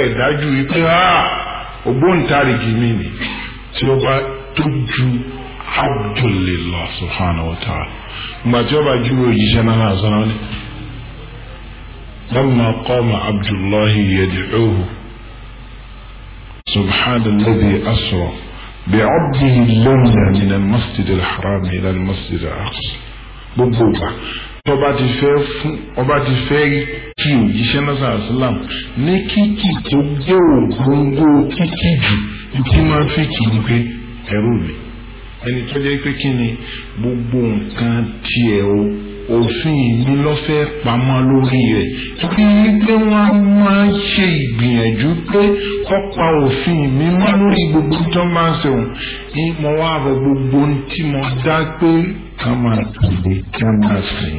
ẹ̀ dájú wípé ah, ògbóǹtarìgì mi ni tí ó bá tó ju abdulillah subhanahu wa ta'ala ìgbà tí ó bá ju òjíṣẹ́ náà náà sọ́nà ni. لما قام عبد الله يدعوه سبحان الذي أسرى بعبده الليل من المسجد الحرام إلى المسجد الأقصى بالضبع tọba ti fẹ́ fún ọba ti fẹ́ kí òjíṣẹ́ náà àṣìlám ní kíkì tó gbé ògbóngbó kíkì jù tí máa fi kì í pé ẹrú mi ẹni tó jẹ́ pé kí ni gbogbo nǹkan tiẹ̀ o òfin ìní lọ́fẹ́ pamọ́ lórí rẹ̀ torí wípé wọ́n máa ń ṣe ìgbìyànjú pé kọ́pa òfin mi mọ́ lórí gbogbo tó máa ń sẹ̀wọ̀n ní mo wá rọ gbogbo tí mo dá pé ká máa tẹ̀lé ká máa sìn.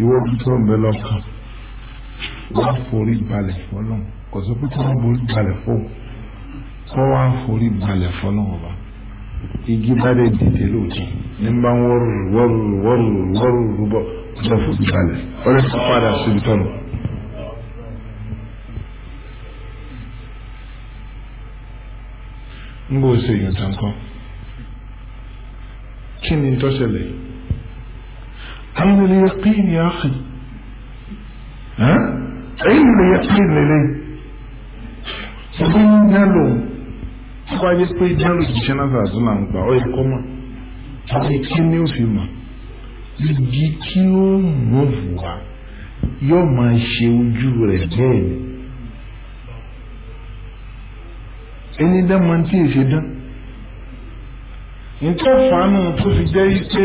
ìwọ bí tó ń bẹ lọ́kàn wá forí balẹ̀ fọlọ́n kò sọ pé kí wọ́n borí balẹ̀ fọ́ kọ́ wá forí balẹ̀ fọlọ́n ọba igi bá dé dìde lóòótọ́ ní bá ń wọ́rù wọ́rù wọ́rù wọ́rù rúbọ̀ ọjọ́ forí balẹ̀ ọ̀rẹ́ tó padà síbi tọ́nu. ń bó ṣe èèyàn tán kọ́ kí ni tó ṣẹlẹ̀ عين اليقين يا أخي ها عين اليقين لليه صدوم يلوم kọ́ ayé pé jẹ́rù ìṣiṣẹ́ náà àti náà ń gbà ọ́ ẹ̀kọ́ mọ̀ àti kí ni ó fi mọ̀ igi tí ó mú wá yóò máa ṣe ojú rẹ̀ bẹ́ẹ̀ ni ẹni dá máa ń tí ì ṣe dán nítorí fàánù tó fi jẹ́ pé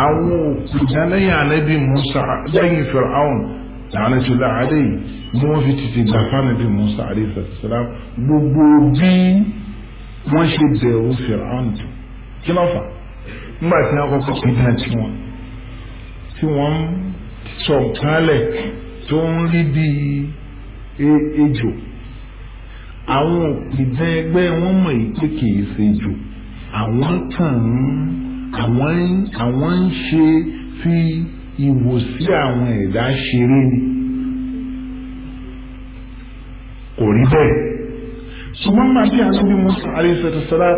àwọn òkú ìdánlẹ́yìn ànábì Musa lẹ́yìn Fir'aun làánà ṣọlá àdé yìí ni wọ́n fi tètè gbà fánàbì Musa àdé sàlám gbogbo bí wọ́n ṣe bẹ̀rù Fir'aun tó kí ló fà nígbà tí wọ́n kọ́kọ́ pín náà tí wọ́n tí wọ́n sọ kálẹ̀ tó ń rí bíi e, ejò àwọn òpìdán ẹgbẹ́ wọn mọ̀ yìí pé kì í ṣe ejò àwọn kàn ń àwọn ń ṣe fi ìwòsí àwọn ẹ̀dá ṣeré ni kò rí bẹ́ẹ̀ ṣùgbọ́n máa bí àwọn bí musa alẹ́sẹ̀tẹ̀sẹ̀lá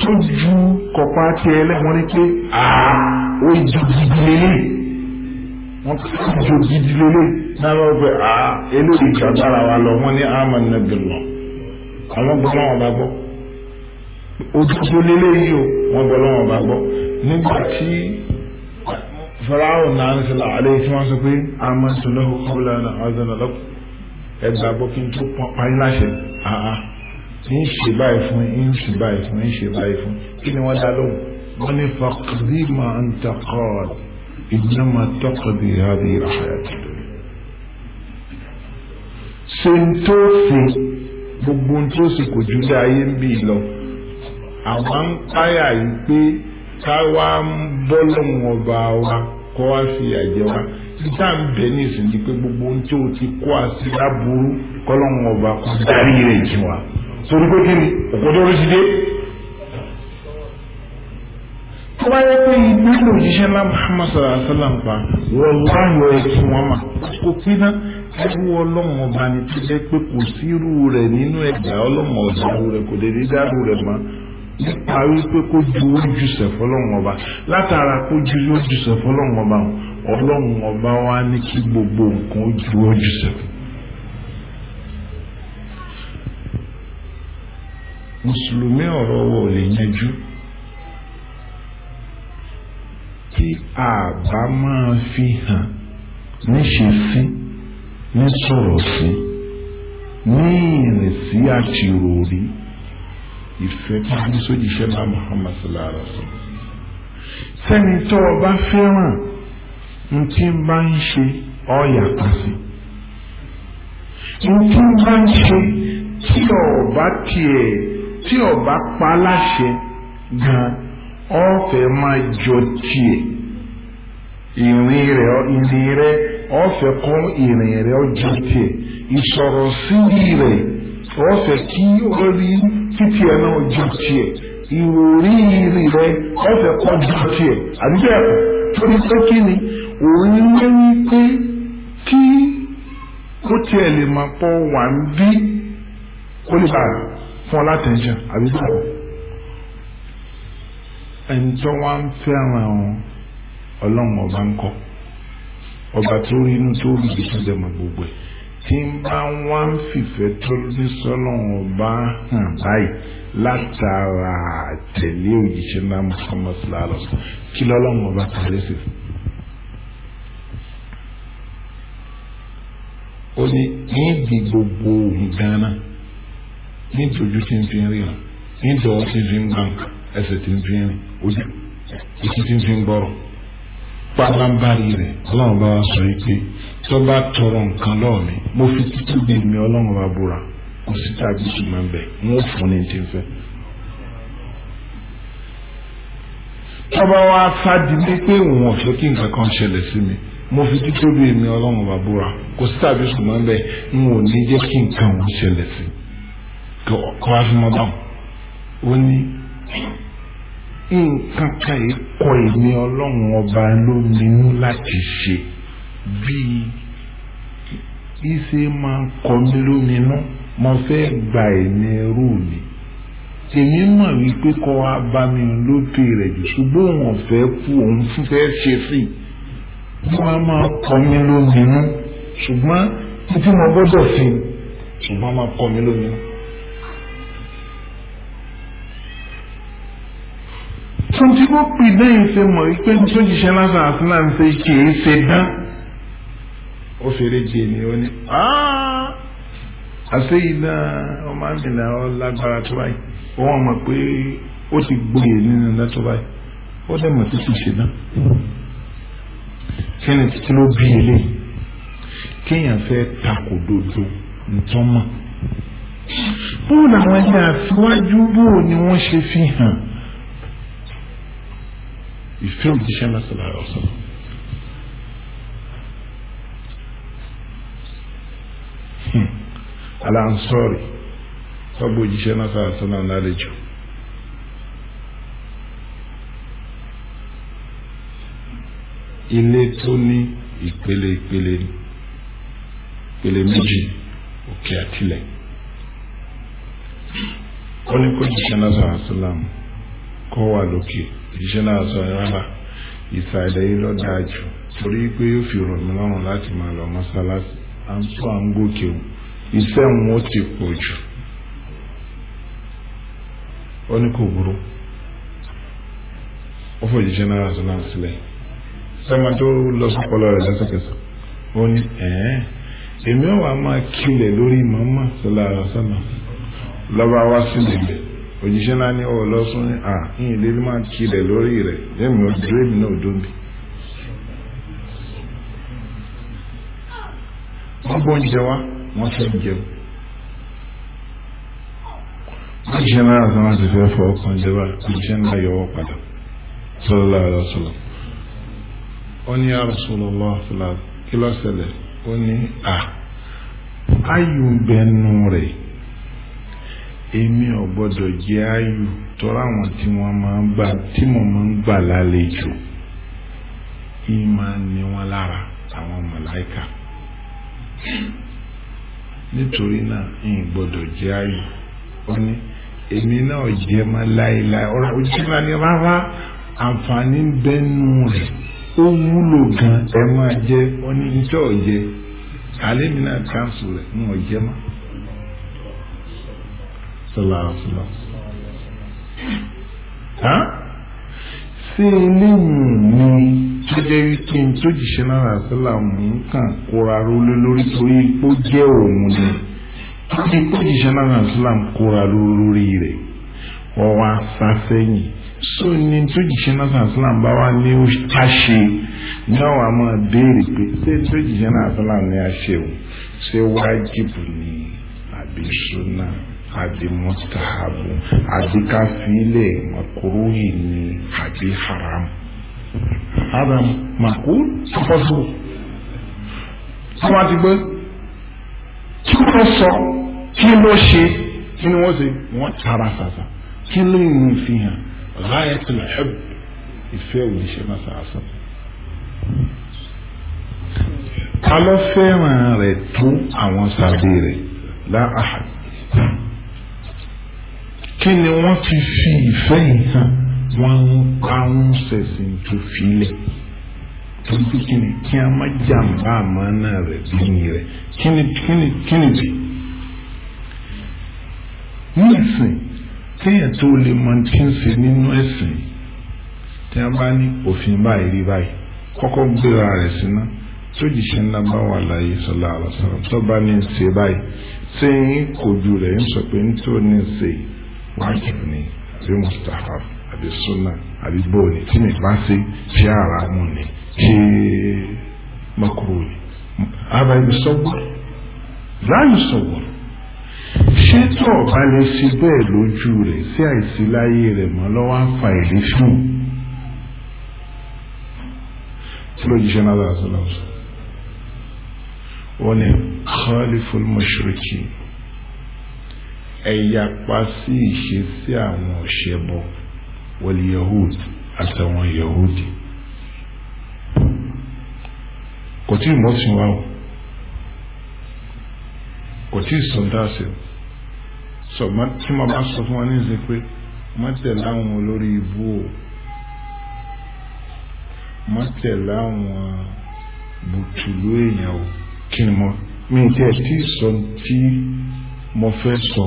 tó ju kọ̀pá tiẹ̀ lẹ́wọ̀n ni pé àá ó ju gidi lélẹ̀ wọ́n tó ju gidi lélẹ̀ náà lọ́wọ́ pé àá eléyìí ìjàgbára wa lọ wọ́n ní àmọ́ nàbẹ̀lọ́ àwọn gbọ́n wọn bá gbọ́ ojú tó lélẹ̀ yìí o wọ́n gbọ́ lọ́wọ́ bá gbọ́ nígbà tí farao náà ń sọlá alẹ́ tí wọ́n sọ pé amantulahi kọ́bùlà náà azana lọ́kù ẹgbà gbọ́ kí n tó pọn parí láṣẹ àá ń ṣe báyìí fún ń ṣe báyìí fún ń ṣe báyìí fún kí ni wọ́n dá lóhùn wọ́n ní fàkìrì máa ń takọ́ ìnáma tọkọ̀dì àbí ìràhàyà tó lórí. ṣé n tó ṣe gbogbo n tó ṣe kò ju dé ayé ń bì lọ àwọn ń páyà yìí pé ká wá ń bọ́ lọ́wọ́n ọba wa kó wá fi àjẹ títà ń bẹ ní ìsìn pé gbogbo ohun tí o ti kó àti láburú kọ́lọ́wọ́n ọba kó darí rẹ̀ jù wá torí pé kí ni òkòtò ló ti dé. tó bá yẹ pé ìgbé ló jíṣẹ́ ńlá Muhammad sallallahu alaihi wasallam pa wọ́n láyọ̀ ẹ̀sùn wọn mà kò kí ná irú ọlọ́run ọba ni tó jẹ́ pé kò sí irú rẹ̀ nínú ẹ̀dá ọlọ́run ọ̀dà rẹ̀ kò lè rí rẹ̀ mọ́ nípa wípé kó ju ojúṣe fọlọ́run ọba látara kó ju ojúṣe fọlọ́run ọba ọlọ́run ọba wa ní kí gbogbo nǹkan ó ju ojúṣe fún. mùsùlùmí ọ̀rọ̀ wọ̀ lè yanjú tí a bá máa fi hàn níṣe sí ní sọ̀rọ̀ sí ní ìrìn àti ròrí ìfẹ́ bí sójúṣẹ́ bá Muhammad sallallahu alaihi wa sallam. sẹ́ni tó o bá fẹ́ràn n tí n bá ń ṣe ọ́ yàtọ̀ sí n tí n bá ń ṣe tí o bá tiẹ̀ tí o bá pa láṣẹ gan ọ́ fẹ́ máa jọ tiẹ̀ ìrìn rẹ̀ ìrìn rẹ̀ ọ́ fẹ́ ìrìn rẹ̀ ọ́ jọ tiẹ̀ sí rẹ̀ ọ́ fẹ́ kí orí títí ẹ̀ náà jù tiẹ̀ ìròrí ìrì rẹ ọ̀fẹ́ kọ́ jù tiẹ̀ àbí bẹ́ẹ̀ kọ́ torí pé kí ni òun lé wípé kí kó tiẹ̀ lè máa pọ̀ wà ń bí kó lè bá fún ọ látẹ̀jẹ̀ àbí bẹ́ẹ̀ kọ́ ẹni tó wá ń fẹ́ràn ọlọ́run ọba ń kọ́ ọba tó rí inú tó rí ibi dẹ̀ mọ́ gbogbo ẹ̀ tí ń bá wá ń fìfẹ́ tó ní sọ́lọ́run ọba hàn báyìí látara àtẹ̀lé òjìṣẹ́ náà Muhammad sallallahu kí lọ́lọ́run ọba kàlẹ́ sí. ó ní níbi gbogbo nǹkan náà nítojú tí ń fi ń rí hàn nítorí tí ń fi ń gbà ẹsẹ̀ tí ń fi ń rìn ojú ìtú tí ń fi ń gbọ́rọ̀ pálábárì rẹ̀ ọlọ́run bá wa sọ yìí pé tó bá tọrọ nǹkan lọ́wọ́ mi mo fi títí di mi ọlọ́run bá búra kò sí tàbí ṣùgbọ́n bẹ́ẹ̀ wọ́n fún ní ti fẹ́. tọ́ba wa fadìmí pé òun ọ̀fẹ́ kí nǹkan kan ṣẹlẹ̀ sí mi mo fi títí di mi ọlọ́run bá búra kò sí tàbí ṣùgbọ́n bẹ́ẹ̀ n ò ní jẹ́ kí nǹkan òun ṣẹlẹ̀ sí kí wàá fi mọ́ dáhùn ó ní nǹkan kan yìí kọ èmi ọlọ́run ọba lóminú láti ṣe bíi ìṣe máa ń kọ mí lóminú mo fẹ́ gba ẹ̀mí ẹrú mi èmi mọ̀ wípé kọ́ wa bá mi lóde rẹ̀ jù ṣùgbọ́n òun ọ̀fẹ́ kú òun fẹ́ ṣe sí i wọ́n á máa kọ mí lóminú ṣùgbọ́n títí mo gbọ́dọ̀ fi ṣùgbọ́n máa kọ mí lóminú. ohun tí wọ́n pè lẹ́yìn ṣe mọ̀ pé tó ṣiṣẹ́ lásán àti náà ń ṣe kì í ṣe dán ó fèrè jì ní ó ní àṣeyìí náà ọmọ àmìlà ọlágbára tó báyìí wọ́n mọ̀ pé ó ti gbòye nínú ńlá tó báyìí ó dẹ̀ mọ̀ títí ṣe dán kí ni títí ló bí eléyìí kéèyàn fẹ́ takò dodo ntọ́mọ̀ bóun làwọn ẹni àfiwájú bóun ni wọ́n ṣe fi hàn ìfẹ́ òjíṣẹ́ náà sọ̀rọ̀ àrọ̀ sọ̀rọ̀. alansori tọ́gbó òjíṣẹ́ náà sọ̀rọ̀ sọ̀rọ̀ lálejò. ilé tó ní ìpele ìpele ìpele méjì òkè àtìlẹ̀ ó ní kó jíṣẹ́ náà sọ̀rọ̀ sọ̀rọ̀ kó wà lókè. iṣẹ́ náà sọ rárá ìsàlẹ̀ yìí ló dáa jù torí pé yóò fi rọ̀ mí lọ́rùn láti máa lọ mọ́sálásí à ń tó à ń gòkè o iṣẹ́ wọn ó ti pọ̀ jù ó ní kò burú ó fòjì iṣẹ́ náà sọ náà sílẹ̀ sẹ́wọ́n tó lọ sí ọpọlọ rẹ̀ lẹ́sẹ̀kẹsẹ̀ ó ní èmi wá máa kílẹ̀ lórí màmá sọlá àrà sọ́nà sílẹ̀ òjíṣẹ́ náà ní ọ̀ọ́ lọ́sùn ní à ń ilé ló máa kí rẹ̀ lórí rẹ̀ lẹ́mìí ojú èmi náà dóbi. wọ́n bó ń jẹ wá wọ́n fẹ́ jẹun. òjíṣẹ́ náà sọ láti fẹ́ fọ ọkàn jẹba òjíṣẹ́ náà yọwọ́ padà sọlọ́lá ẹ̀rọ sọlọ́. ó ní Rasulullah fúlà kí ló ṣẹlẹ̀ ó ní à ah, áyù bẹnu rẹ̀. èmi ọgbọdọ gbọ́dọ̀ jẹ́ ayù tọ́ra àwọn tí wọ́n máa ń gbà tí mo máa ń gbà lálejò yìí máa ní wọn lára àwọn màláìka nítorí náà yìí gbọ́dọ̀ jẹ́ ayù ní èmi náà jẹ́ mọ́ láéláé ọ̀rọ̀ ojú máa ní rárá àǹfààní ń gan ẹ máa ní ọ̀jẹ́ àlẹ́ mi sallallahu alaihi wasallam. sí eléyìí ni tó jẹ́ wípé tó jìṣẹ́ náírà sílà mú kàn kóra rólé lórí torí pé ó jẹ́ òun ni torí pé jìṣẹ́ náírà sílà mú kóra lórí rẹ̀ ọwọ́ asásẹ́yìn so ni tó jìṣẹ́ náírà sílà mú bá wá ní ó ṣàṣe náà wàá máa béèrè pé ṣé tó jìṣẹ́ náírà sílà mú ní àṣẹ o ṣé wájìbù ni àbí súnà àbí mustahabu àbí káfílẹ̀ makuruhi ni àbí haram hada makul tọfọsọ àwọn àti gbé kí wọ́n sọ kí ló ṣe kí ni wọ́n ṣe wọ́n tara sàṣà kí ló ń fi hàn ráyẹ tilẹ̀ ẹ̀b ìfẹ́ òṣìṣẹ́ náà sàṣà. ta ló fẹ́ràn rẹ̀ tó àwọn sàbí rẹ̀ láàhàd kí ni wọ́n ti fi ìfẹ́ yìí hàn wọ́n ń ká ń ṣẹ̀sìn tó filẹ̀ torí kí ni kí a má jàǹbá àmánà rẹ̀ lẹ́yìn rẹ̀ kí ni kí ni kí ni ti. nísìn téèyàn tó lè mọ tí ń ṣe nínú ẹ̀sìn tí a bá ní òfin báyìí rí báyìí kọ́kọ́ gbéra rẹ̀ síná tó jìṣẹ́ ńlá bá wà láyé sọlá àlọ́sọ̀rọ̀ tó bá ní ń ṣe báyìí sẹ́yìn kojú rẹ̀ ń sọ pé ń tó ní ń ṣe yìí wájú ni ṣé mustahab àbí sunna àbí bóòlì tí mi bá ṣe ṣé ara mu ni ṣé makruh ni ara ibi sọ́gbà láàyè sọ̀wọ́ ṣé tó o bá lè ṣe bẹ́ẹ̀ lójú rẹ̀ sí àìsí láyé rẹ̀ mọ́ lọ́wọ́ àfa ìlú fún un tí ló jíṣẹ́ náà dára sọ wọ́n ní khaliful mushrikin ẹ̀yapa sí ìṣesí àwọn ọ̀ṣẹ́bọ wọlé yahud àtàwọn yahudi kò tí ì mọ́sìn wa o kò tí ì sọ dáàsì sọ tí mo bá sọ fún wa ní ìsìn pé mọ́tẹ̀ láwọn olórí ibú o mọ́tẹ̀ láwọn bùtùlù èèyàn o kí ni mo mi tí ẹ sọ tí mo fẹ́ sọ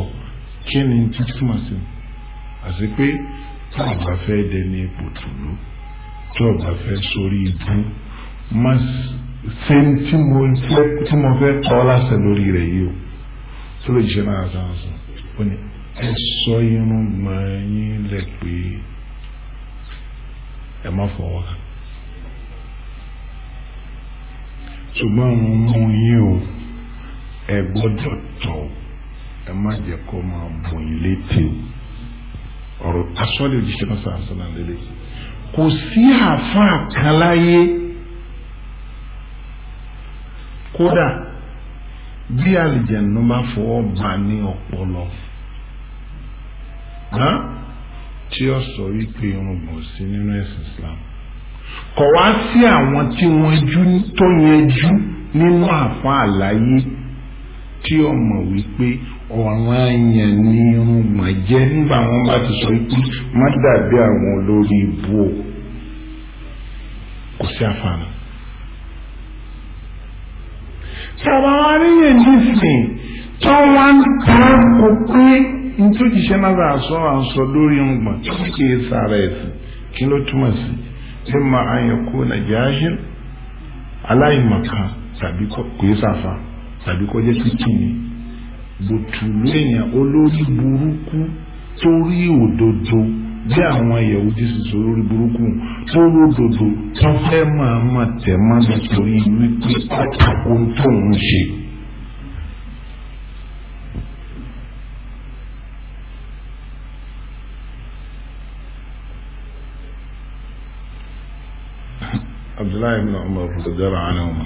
kí ni tí túmọ̀ sí àti pé tó o bá fẹ́ dẹni ipò tòló tó o bá fẹ́ sórí ibú má ṣe tí mo fẹ́ tí mo fẹ́ kọ́ lásán lórí rẹ̀ yìí o tó lè jẹ́ náà sáà sàn ó ní ẹ sọ irun gbọ̀n yín lẹ̀ pé ẹ má fọwọ́ kàn. ṣùgbọ́n mo mú yín o ẹ gbọ́dọ̀ tọ̀ o ẹ má jẹ́ kó máa bùn yín létí o ọ̀rọ̀ asọ́lẹ̀ òjíṣẹ́ náà sàn sàn lélẹ̀ kò sí àáfàá kan láyé kódà bí àlìjẹ̀nu bá fọwọ́ bá ní ọpọlọ tí ó sọ wípé irun bọ̀ sí nínú ẹ̀sìn Islam kọ̀ wá sí àwọn tí wọ́n jú tó yẹn jú nínú àáfàá àlàyé tí ó mọ̀ wípé ọ̀ranyàn ni irùngbọ̀n jẹ́ nígbà wọn bá ti sọ wípé má dàbí àwọn olórí ibú o kò sí àfààní. sábà wọn aríyàn nísìn tó wọn ń ta kó pé nítòjíṣẹ́ náà bá sọ àǹsọ lórí irùngbọ̀n tó kì í sára ẹ̀sìn kí ló túmọ̀ sí ṣé máa àyànkó nàìjíríà ṣe aláìmọ̀kan tàbí kò yẹ sáfà tàbí kọjá títì ni bùtùlù èèyàn olórí burúkú torí òdodo bí àwọn ìyàwó jésù sọ lórí burúkú tó lódodo tó fẹ́ máa máa tẹ̀ máa nítorí wípé àtàkó tó ń ṣe. abdullahi ibn umar radiyallahu anhuma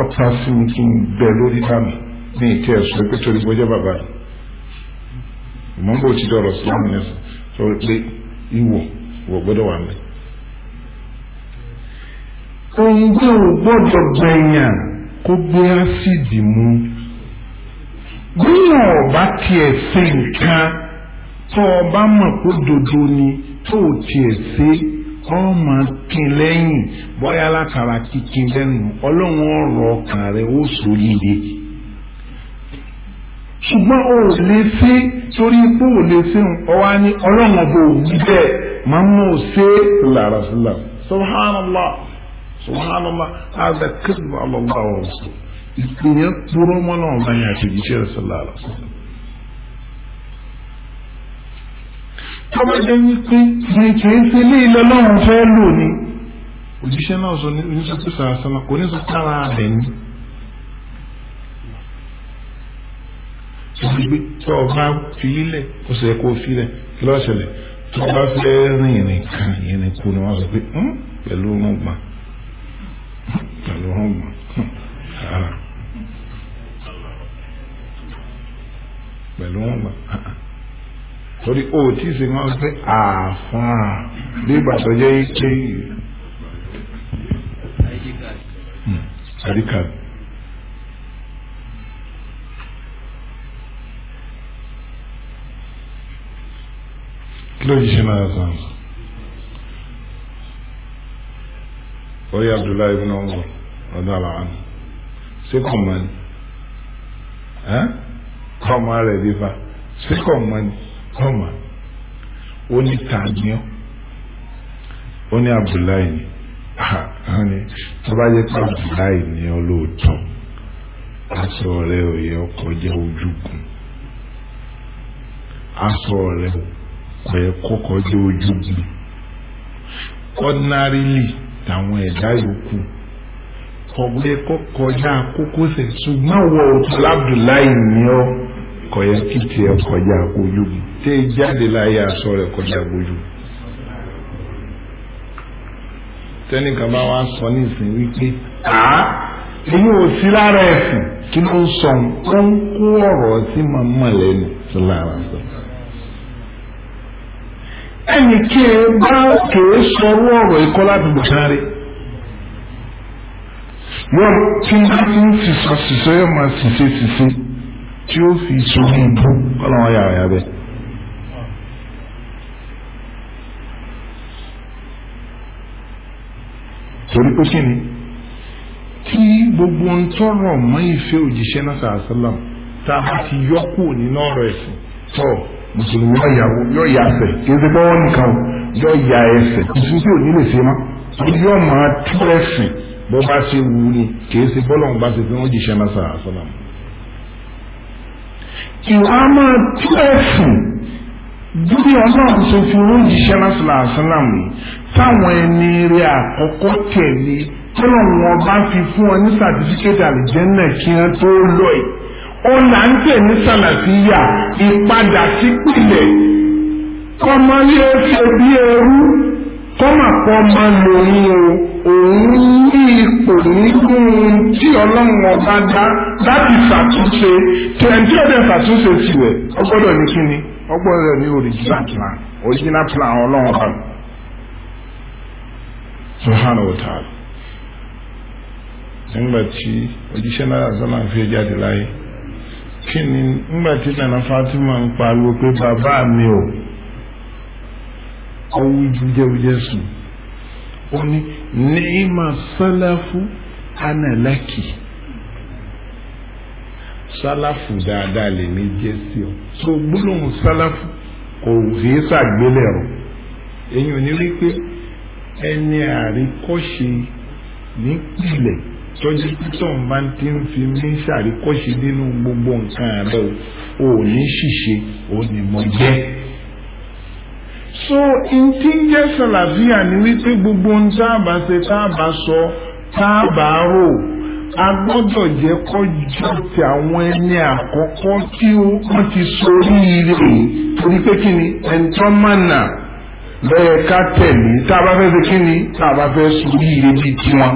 ọ̀tá sí mi kí n bẹ lórí dànù ní ìtẹ́ ẹ̀sùn pé torí bọ́jẹ́ bàbá rẹ̀ ìmọ̀ bó ti dọ̀rọ̀ sí àmì ẹ̀sìn sọ pé ìwọ ìwọ gbọ́dọ̀ wà mí. òǹgbẹ́ ò gbọ́dọ̀ gbẹ̀yàn kó gbé ásìdì mu gbẹ̀yàn ọ̀bá tiẹ̀ ṣe nǹkan tó ọba mọ̀ kó dodo ni tó tiẹ̀ ṣe ọmọ kin lẹ́yìn bọ́yá látara kíkin lẹ́nu ọlọ́run ọ̀rọ̀ ọkàn rẹ̀ ó sòyìnbí ṣùgbọ́n o ò lè torí o lè fi ọwá ní ọlọ́run o lára subhanallah subhanallah tọ́mọdé wípé kìí ṣe ilé ilẹ̀ ọlọ́run fẹ́ lò ní. òjíṣẹ́ náà sọ ní oníṣẹ́ tó sàrà sọ́nà kò ní sọ sára rẹ̀ ní. ìdígbé tó o bá fi lílẹ̀ o sì yẹ kó fi lẹ̀ kí ló ṣẹlẹ̀ tó o bá fẹ́ rìn ìrìn kan ìrìn kù ni wọ́n sọ pé hmm, pẹ̀lú orun gbọ̀n pẹ̀lú orun gbọ̀n pẹ̀lú orun gbọ̀n torí o tí ì sèkàn pé àfọ̀n bí ìgbà tó jẹ́ ike hmm, àríkà. kí ló yìí ṣe náà sàn. oye abdullahi ibn umar ọdún alaani ṣé kọ̀ọ̀mọ́ ni kọ̀ọ̀mọ́ rẹ̀ bí fa ṣé kọ̀ọ̀mọ́ ni ọmọ ó ní tàníọ́ ó ní abdullahi ni àwọn ni tọ́ba yẹ pé abdullahi ni ọlọ́ọ̀tọ́ aṣọ rẹ ò yẹ ọkọ̀ jẹ́ ojúgun aṣọ rẹ kò yẹ kọ́kọ́ jẹ́ ojúgun ordinarily tàwọn ẹ̀dá yòókù kọ̀wé kọ́kọ́ já kókó sẹ̀ ṣùgbọ́n wọ́n ò abdullahi ni ọ́ ọkọ̀ yẹn kí tiẹ̀ kọjá ojú mu tẹ́ jáde láyé aṣọ rẹ̀ kọjá ojú mu. tẹ́nìkan bá wá sọ ní ìsìn wípé àá èyí ò sí lára ẹ̀sìn kí ló ń sọ ó ń kó ọ̀rọ̀ tí màá mọ̀ lẹ́nu sí lára sọ. ẹnì kí ẹ bá kèé sọrú ọ̀rọ̀ ikọ́ láti gbọ̀sáré wọ́n tí wọ́n ti ń sísọ sísọ yóò máa sísé sísé tí ó fi sórí ibú kọ́lọ́wọ́ yàrá yàrá bẹ́ẹ̀. torí pé kí ni tí gbogbo ń tọrọ mọ ìfẹ́ òjíṣẹ́ náà sàásálàm tá a ti yọ nínú ọ̀rọ̀ ẹ̀sìn tọ mùsùlùmí ọyàwó yọ ya ẹsẹ̀ kí ẹsẹ̀ gbọwọ nìkan o yọ ya ẹsẹ̀ tuntun tí ò ní lè ṣe mọ torí yọ máa tú ẹsìn bó bá ṣe wù ú ni kì í ṣe bọ́lọ̀ ń bá ṣe fi wọ́n náà sàásálàm ìwà máa tú ẹ̀fùn bí ọlọ́run ṣe fi oúnjẹ lásìláàsìláàmù táwọn ẹni rí àkọ́kọ́ tẹ̀lé tọ́lọ́run wọn bá fi fún ọ ní sàtífíkẹ́tì àlìjẹ́nà kí wọ́n tó lọ ẹ̀ ó là ń tẹ̀ ní sàlàfíà ìpadà sípìlẹ̀ kọ́mọ yóò ṣe bí ẹrú kọ́mọ kọ́ máa lòyìn o òun ní ipò nínú tí ọlọ́run ọba dá láti ṣàtúnṣe tí ẹni tí ọdẹ ṣàtúnṣe tiwẹ̀ ọgbọ́dọ̀ ní kíni ọgbọ́dọ̀ ní original plan original plan ọlọ́run ọba subhanahu wa ta'ala nígbà tí òjíṣẹ́ náà sọ́nà fi jáde láyé kí ni nígbà tí nana Fatima ń pariwo pé bàbá mi ò ọwọ́ ìjújẹ́wújẹ́ sùn ó ní ni'ima salafu ana laki salafu dáadáa lè ní jẹ́ sí ọ so gbólóhùn salafu kò fi é ṣàgbélẹ̀rọ èyí ò ní rí pé ẹni àríkọ́ṣe nípìnlẹ̀ tọ́jú títọ̀ bá ti ń fi mí ṣàríkọ́ṣe nínú gbogbo nǹkan rẹ o ò ní ṣìṣe ò ní mọ jẹ́ so n tí ń jẹ́ sàlàfíà ni wípé gbogbo ohun tá a bá ṣe tá a sọ tá a bá rò a gbọ́dọ̀ jẹ́ kọjá ti àwọn ẹni àkọ́kọ́ tí wọ́n ti sórí ire torí pé kí ni ẹ̀ńtọ́ mànà bẹ́ẹ̀ ká tẹ̀lé tá a bá fẹ́ ṣe kí ni tá a bá fẹ́ sórí ire bíi tiwọn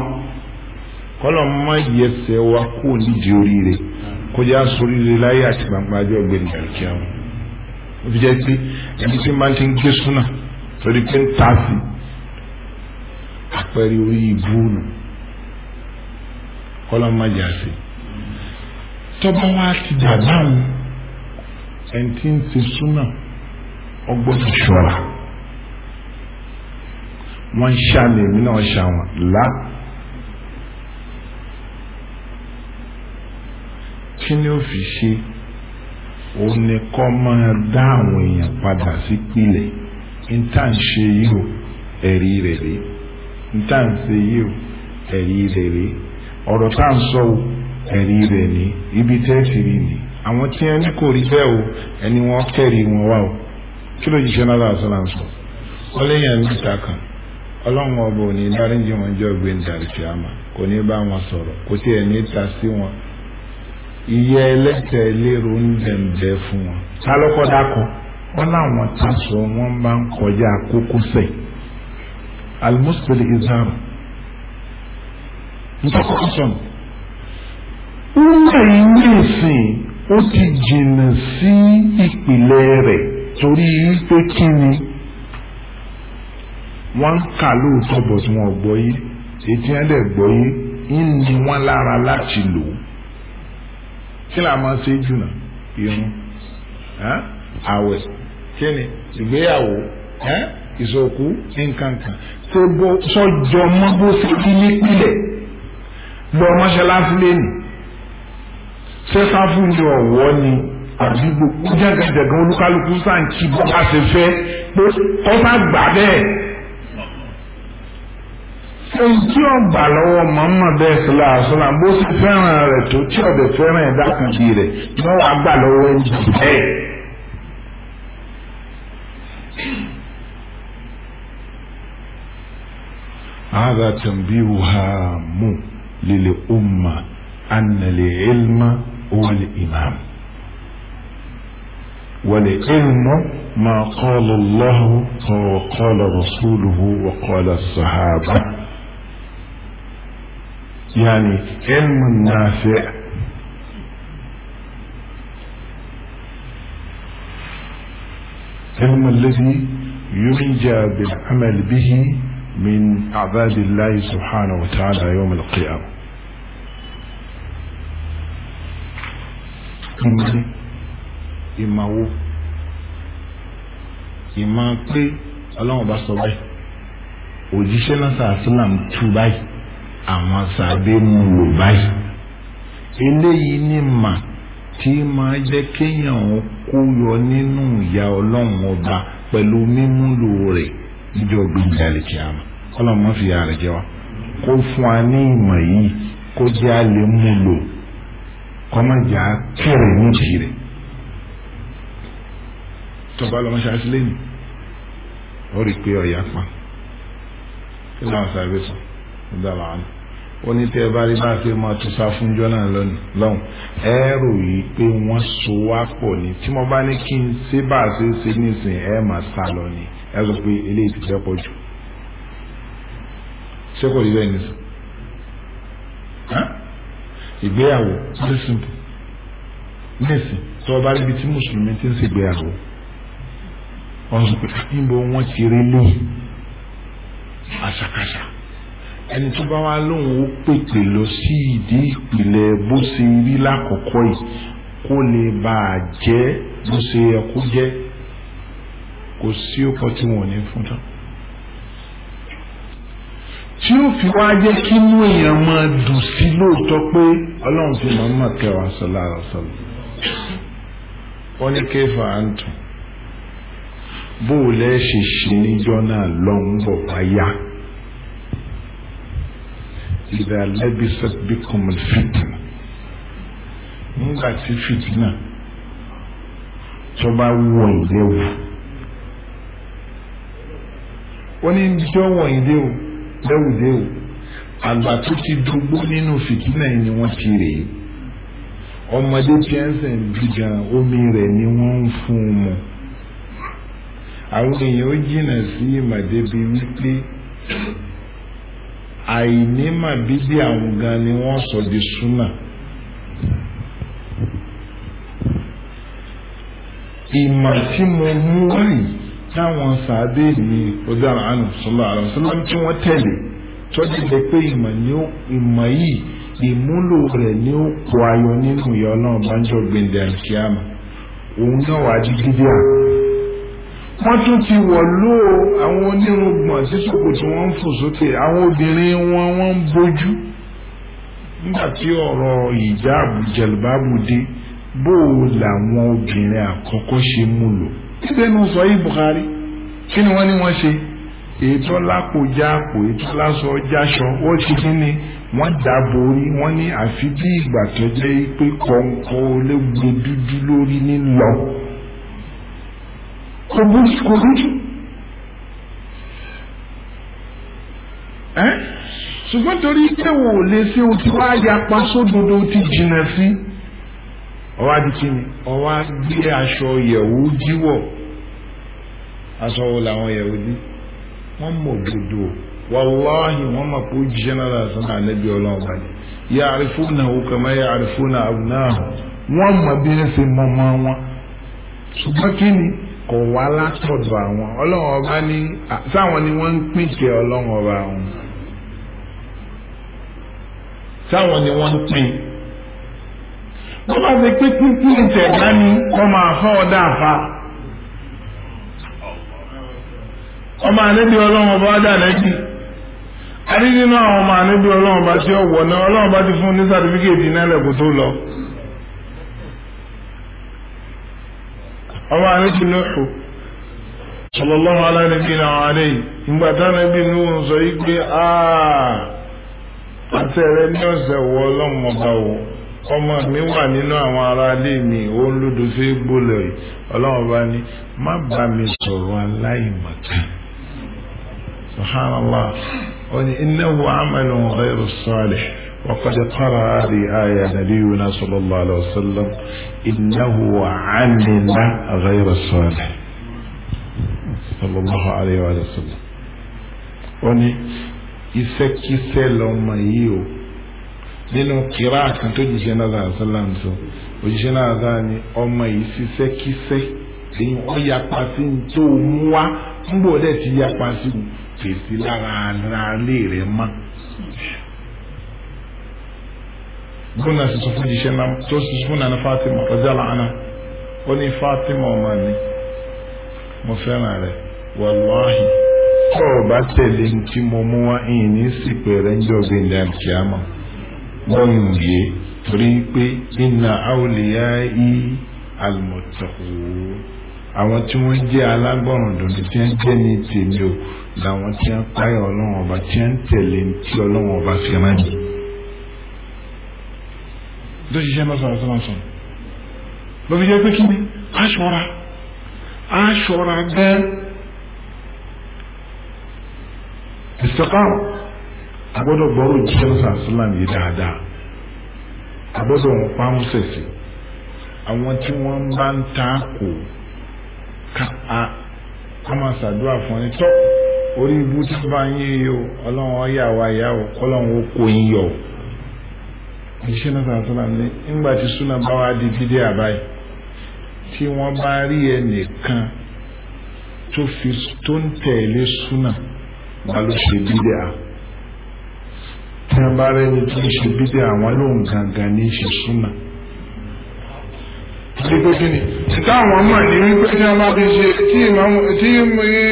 kọ́lọ̀ má yẹsẹ̀ wa kó nídìí oríire kó jẹ́ àsoríire láyé àti gbangba ajọ́ gbẹ̀dẹ̀ kìá wọn ó fi jẹ́ pé ẹni tí máa ti ń gbé súnà torí pé ń ta sí àpẹẹrẹ orí ìbú nù kọ́lọ́ má jà sí tọ́ba wa ti dàgbà mu ẹni tí ń ti súnà ọgbọ́dọ̀ ṣọ́ra wọ́n ń ṣá ni èmi náà ṣá wọn là kí ni ó fi ṣe. ó ní kọ́ máa dá àwọn èèyàn padà sí pilẹ̀ ń ṣe yìí o ẹ̀rí rẹ̀ rè níta ń ṣe yìí ibi tẹ́ ti rí ni àwọn tí ẹni kò rí bẹ́ẹ̀ o ẹni wọn kẹ́rì wọn wá o kí ló jíṣẹ́ náà láti náà sọ ó léyìn kan ọlọ́run ọba ò ní dáríjì wọn jọ gbé ìyẹ́ ẹlẹ́tẹ̀ eléro ń dẹ̀ǹdẹ̀ fún wọn. ta ló kọ́ dákọ̀ wọn láwọn taṣọ wọn bá ń kọjá kókósẹ̀ almusbil izar ntọ́kọ̀ sọ̀nù. nígbà yìí ní ìsìn ó ti jìnnà sí ìpìlẹ̀ rẹ̀ torí wípé kí ni wọ́n ń kà lóòótọ́ bọ̀ tí wọ́n gbọ́ yé ètí ẹ̀ dẹ̀ gbọ́ yé ń ni wọ́n lára láti lò ó kí là máa ṣe jùnà irun àwẹ̀ kí ni ìgbéyàwó ìsòkú nǹkankan tó bó sọjọ mọ bó ṣe kí nípìnlẹ̀ lọ mọ́ṣáláṣí lẹ́nu sẹ́sà fún mi ọ̀wọ́ ni àbí gbogbo jẹ́gàjẹ̀gàn olúkálukú sáà ń kí bọ́ bá ṣe fẹ́ pé ọba gbà bẹ́ẹ̀ ẹni tí ó gbà lọ́wọ́ mọ́mọ́ bẹ́ẹ̀ sí làásùlà bó sì fẹ́ràn rẹ̀ tó tí ọ̀dẹ̀ fẹ́ràn ẹ̀dá kan bí rẹ̀ ló wàá gbà lọ́wọ́ ẹni bẹ́ẹ̀. هذا تنبيهها مو للأمة أن العلم هو الإمام والعلم ما قال الله وقال رسوله وقال الصحابة يعني علم نافع علم الذي ينجى بالعمل به من أعباد الله سبحانه وتعالى يوم القيامة ìmọ̀ ìmọ̀ pé ọlọ́run bá sọ báyìí òjíṣẹ́ náà sàásùlàm tú báyìí àwọn sàbẹ̀ mú lò báyìí eléyìí ni mà tí máa jẹ́ kéèyàn kó yọ nínú ìyà ọlọ́run ọba pẹ̀lú mímúlò rẹ̀ níjọ́ gbẹ̀ngà àlìkíyàmá ọlọ́run fi ààrẹ jẹ wá kó fún wa ní ìmọ̀ yìí kó jẹ́ a lè mú lò kọ́mọ̀jà kẹrẹ̀ níjì rẹ̀ tọba lọ́mọ ṣáṣí lẹ́nu ó rí i pé ọ̀yà pa kí ló ń sáré sọ ó dára àná onítẹ̀ bá rí bá fi máa tún sá fún jọ́nà lónìí lọ́hùn ẹ rò yìí pé wọ́n so wá pọ̀ ni tí mo bá ní kí n ṣe bá a ṣe ṣe nísìnyí ẹ máa sá lọ ni ẹ sọ pé eléyìí ti fẹ́ pọ̀ jù ṣé kò rí bẹ́ẹ̀ ni ìgbéyàwó very simple nísìn tí wọ́n bá rí ibi tí mùsùlùmí ti ń ṣègbéyàwó wọ́n sọ pé níbo wọ́n ti rí lóyún àṣàkáṣà ẹni tó bá wá lóun ó pètè lọ sí ìdí ìpìlẹ̀ bó ṣe rí lákọ̀ọ́kọ́ yìí kó lè bá a jẹ́ bó ṣe yẹ kó jẹ́ kò sí ọkọ tí wọn ò ní fún tán. tí ó fi wá jẹ́ kí inú èèyàn máa dùn sí lóòótọ́ pé ọlọ́run fi máa ń mọ̀ kẹwàá sọlá àròsọlá wọ́n ní kéfà á ń tún bó o lẹ́ ṣe ṣe níjọ́ náà lọ́n bọ̀ wáyà ìdá lẹ́bíṣẹ́ bí kùmùl fìtìnà nígbà tí fìtìnà tó bá wọ ìdè wò ó ní tó wọ ìdè wò lẹ́wùdé wò àgbà tó ti dógbó nínú fìtìnà yìí ni wọ́n ti rèé ọmọdé tí ẹ ń sẹ̀ bí gan omi rẹ̀ ni wọ́n ń fún un mu àwọn èèyàn ó jìnnà sí ìmàdébi wípé àìnímà bíbí àwọn gan ni wọ́n sọ di súnà. ìmọ̀ tí mo mú wáyé táwọn sàádé mi ọjọ́ àánú sọlá àánú sọlá tí wọ́n tẹ̀lé tọ́jú lè pé ìmọ̀ yìí ìmúlò rẹ̀ ni ó ayọ̀ nínú ìyọ́ náà bá ń jọ gbẹ̀ndẹ̀ àkíyàmà òun náà wà á di gidi àná wọ́n tún ti wọ̀lú àwọn onírùngbọ̀n sísòkò tí wọ́n ń fò sókè àwọn obìnrin wọn wọ́n ń bójú nígbà tí ọ̀rọ̀ ìjáàbù jẹ̀lbáàbù dé bó o làwọn obìnrin àkọ́kọ́ ṣe mú lò. ìbẹ́nu sọ yìí Bukhari kí ni wọ́n ní wọ́n ṣe ètò lápòjá ètò lásọ jáṣọ ó ti kí ni wọ́n dàbò orí wọ́n ní àfi bí ìgbà tó jẹ́ pé kọ̀ǹkọ̀ olóògbé dúdú lórí nílọ. Communist courage. ṣùgbọ́n torí pé wò ó lè ṣe òtún wá yapa sódodo ti jìnnà sí ọwọ́ adìkí ni ọwọ́ gbé aṣọ yẹ̀wò jíwọ̀ aṣọ wo làwọn yẹ̀wò dí wọ́n mọ̀ òdodo wàláhì wọ́n mọ̀ pé ó jíṣẹ́ náírà sọ́nà àlẹ́bí ọlọ́run bá ní ya'rifunahu kama ya'rifuna abna'ahum wọ́n mọ̀ bí wọ́n ṣe mọ̀ mọ́ wọn ṣùgbọ́n kí ni. kò wá látọ̀dọ̀ àwọn ọlọ́run ọba ní sáwọn ni wọ́n ń pèsè ọlọ́run ọba wọn sáwọn ni wọ́n ń pín wọ́n bá fi pínpín máa họ́ ọmọ àníbi ọlọ́run ọba àwọn ọmọ àníbi ọlọ́run ọba tí ó wọ̀ náà ọlọ́run ọba ti fún ní náà lẹ́kùn tó lọ. ọwọ́ àníjì lóòrò sallallahu aláìrẹ́bí na àárẹ̀ ìgbàtánà bí inú sọ wípé àti wọ wọ ọmọ mi wà nínú mi ó ń ni má subhanallah ní وقد قرأ هذه آية نبينا صلى الله عليه وسلم إنه علم غير الصالح صلى الله عليه وآله وسلم وني iṣẹ́kíṣẹ́ lọ́mọ yìí o nínú kíra kan tó jíṣẹ́ náà sáà sálàm sọ òjíṣẹ́ náà sáà ni ọmọ yìí ṣiṣẹ́kíṣẹ́ èyí ọ yapa sí ní tó mú wá ń bò dẹ̀ ti yapa sí ní fèsì lára ara lè rẹ̀ mọ́ gbọ́nà sísun fún jíṣẹ́ náà tó na fún nana Fatima ọjà làánà ó ní Fatima ọmọ mi mo fẹ́ràn rẹ̀ wàláhì tó o bá tẹ̀lé ní tí mo mú wá ìyìn ní sípè rẹ̀ ń jọ bí ilẹ̀ àkíyàmọ̀ lọ́yìn yìí torí pé inna awliyai almuttaqun àwọn tí wọ́n jẹ́ alágbọ̀ràn dòdò tí wọ́n jẹ́ ní tèmi o làwọn tí wọ́n páyọ̀ ọlọ́run ọba tí wọ́n tẹ̀lé tí ọlọ́run ọba fi rán tó ṣiṣẹ́ mọ́sán ọ̀sán ọ̀sán ló fi jẹ́ pé kí ni aṣọra aṣọra gan istikam agbọ́dọ̀ gbọ́rọ̀ jíṣẹ́ mọ́sán ọ̀sán yìí dáadáa agbọ́dọ̀ wọn pa ń sẹ̀sì àwọn tí wọ́n bá ń ta kò ká máa ṣàdúrà fún ẹni tọ́ orí ibú tí wọ́n bá ń yé yìí o ọlọ́run ọ̀yà wa yá o kọ́lọ́run ó kó yín yọ o òjíṣẹ́ náà sàrà sọ́là ní ńgbà tí súnà bá wá di bídé àbáyé tí wọ́n bá rí ẹnìkan tó fi tó ń tẹ̀lé súnà wà ló ṣe bídé à tí wọ́n bá rí ẹni tó ń ṣe bídé àwọn lóun gangan ní ṣe súnà gbogbo kini táwọn mọ̀ ní wípé tí wọ́n bá ti ṣe tí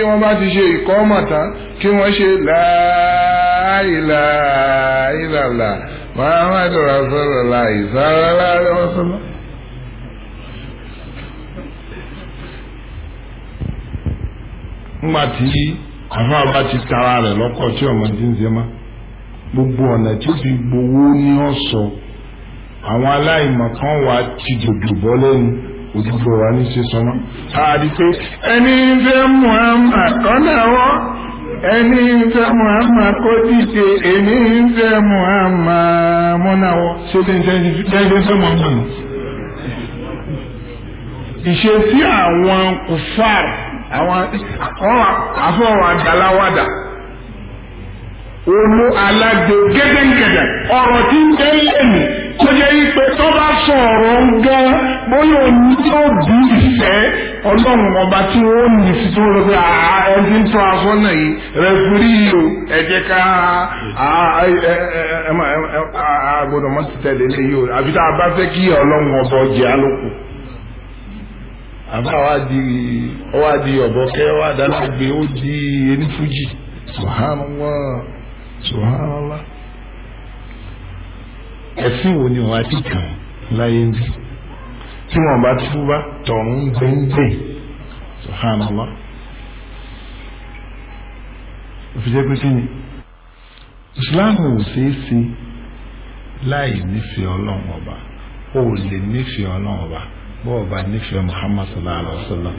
wọ́n bá ti ṣe ìkọ́ mọ̀tán kí wọ́n ṣe láàyè láàyè làlà muhammadu rasulullah sallallahu alaihi wasallam. ńgbà tí àfa bá ti tara rẹ̀ lọ́kọ̀ tí ọmọ ti ń ṣe má gbogbo ọ̀nà tí ó fi gbowó ní ọ̀sọ̀ àwọn aláìmọ̀ kan wà ti dòdò bọ́ lẹ́nu òdìbò wa ní ṣe sọmọ. àdìpé ẹni ń fẹ́ muhammad ọ̀nà wọn ẹni ń fẹ́ Muhammad kó ti ṣe èmi ń fẹ́ Muhammad múnáwó ṣé tẹ́ńtẹ́ fẹ́ Muhammad. ìṣesí àwọn kùfàr àwọn àfọwọ́ àdàláwàdà olú aládé gẹ́gẹ́gẹ́dẹ́ ọ̀rọ̀ tí ń bẹ́ lẹ́nu tó jẹ́ ipe tó bá sọ̀rọ̀ ń gan bóyá òun yóò bí ìfẹ́ ọlọ́run ọba tí ó ní sí tó lọ pé ah, ah, ẹni tó aṣọ náà yìí rẹfúrí o ẹ jẹ́ ká gbọ́dọ̀ mọ́ ti tẹ̀lé o tá a bá fẹ́ kí ọlọ́run ọba jẹ́ alóko. àbá wa di ọwá ọ̀bọ̀kẹ́ wa dálágbé ó di ẹ̀sìn tí wọ́n bá túbá tọ̀hún gbẹ̀ngbẹ̀ subhanallah òfin jẹ́ pé kí ni islam ò ṣeé ṣe láì nífẹ̀ẹ́ ọlọ́run ọba ó lè nífẹ̀ẹ́ ọlọ́run ọba bọ́ọ̀ bá nífẹ̀ẹ́ muhammad sallallahu alaihi wa sallam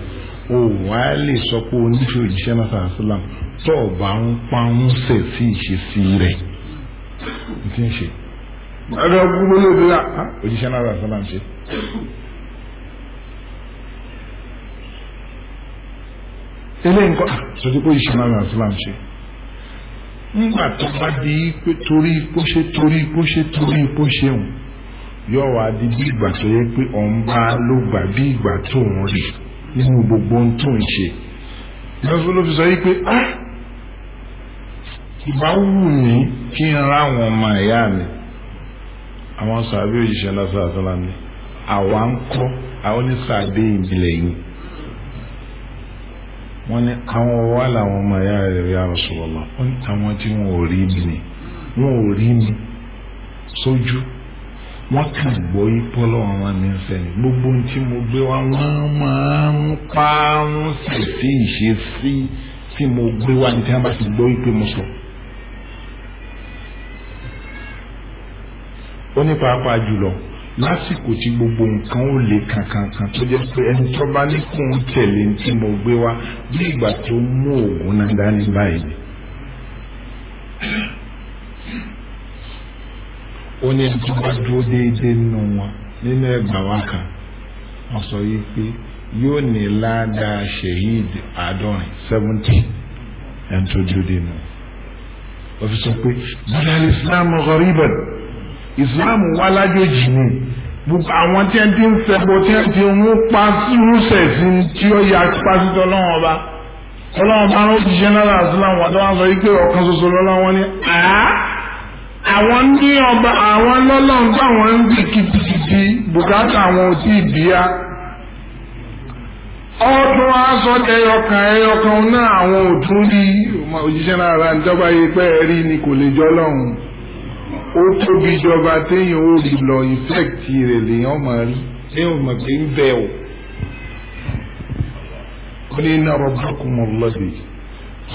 ó wá lè sọ pé ó nífẹ̀ẹ́ òjíṣẹ́ náà sallallahu alaihi wa sallam tó o bá ń pa ń sẹ̀ sí ìṣesí rẹ̀ n ti ń ṣe. ọ̀dọ̀ gbogbo ló dé la òjíṣẹ́ náà sallallahu alaihi wa sallam ṣe. eléyìí nǹkan ah, sọtí pé ìṣúná rẹ àfúlà ń ṣe ńgbà tó bá di pé torí kó ṣe torí kó ṣe torí kó ṣe òun yóò wá di bí ìgbà tó yẹ pé òun bá ló gbà bí ìgbà tó ń rí nínú gbogbo ohun tó ń ṣe lọ́sọ́ ló fi sọ yí pé á ah, ìbá wù mí kí n ra àwọn ọmọ ẹ̀yà mi àwọn sàbí òjíṣẹ́ lásán àtọ́lá ni àwa ń kọ́ àwọn onísàbí ìbílẹ̀ yìí wọ́n ní àwọn wà láwọn ọmọ ẹ̀yà rẹ̀ ya Rasulullah wọ́n ní àwọn tí wọn ò rí mi ni wọn ò rí mi sójú wọ́n kàn gbọ́ ipò lọ́wọ́ mi ń sẹ́ni gbogbo ohun tí mo gbé wá wọ́n máa ń pa ń sì sí ìṣesí tí mo gbé wá ní tí wọ́n bá ti gbọ́ ipò mo sọ. ó ní pàápàá jùlọ lásìkò tí gbogbo nǹkan ó le kankankan tó jẹ́ pé ẹni tó bá ní kó ń tẹ̀lé tí mo gbé wá bí ìgbà tó mú òògùn náà dání báyìí. ó ní ẹni tó bá dúró déédéé nínú wọn nínú ẹgbà wa kan wọ́n sọ yìí pé yóò ní ládàá shehid àádọ́rin seventy ẹni tó dúró déédéé nù. wọ́n fi sọ pé bọ́dà islam ghariban islam wá lájòjì ni gbogbo àwọn tí wọ́n ti ń fẹ́ bọ́ tí wọ́n ti ń pa rúṣẹ̀ sí tí ó ya pásítọ̀ lọ́wọ́n ọba ọlọ́wọ́n bá ń ṣiṣẹ́ lára islam wà tó wá sọ wípé ọ̀kan ṣoṣo lọ́lọ́wọ́n ni àwọn ní ọba àwọn lọ́lọ́run táwọn ń bì kìtìkìtì bùkátà àwọn ò tí ì bíyà ọdún aṣọ ẹyọkan ẹyọkan náà àwọn òtún rí òjíṣẹ́ náà ìjọba yìí pé ni kò lè jọ lọ́hùn-ún. قل إن ربكم الذي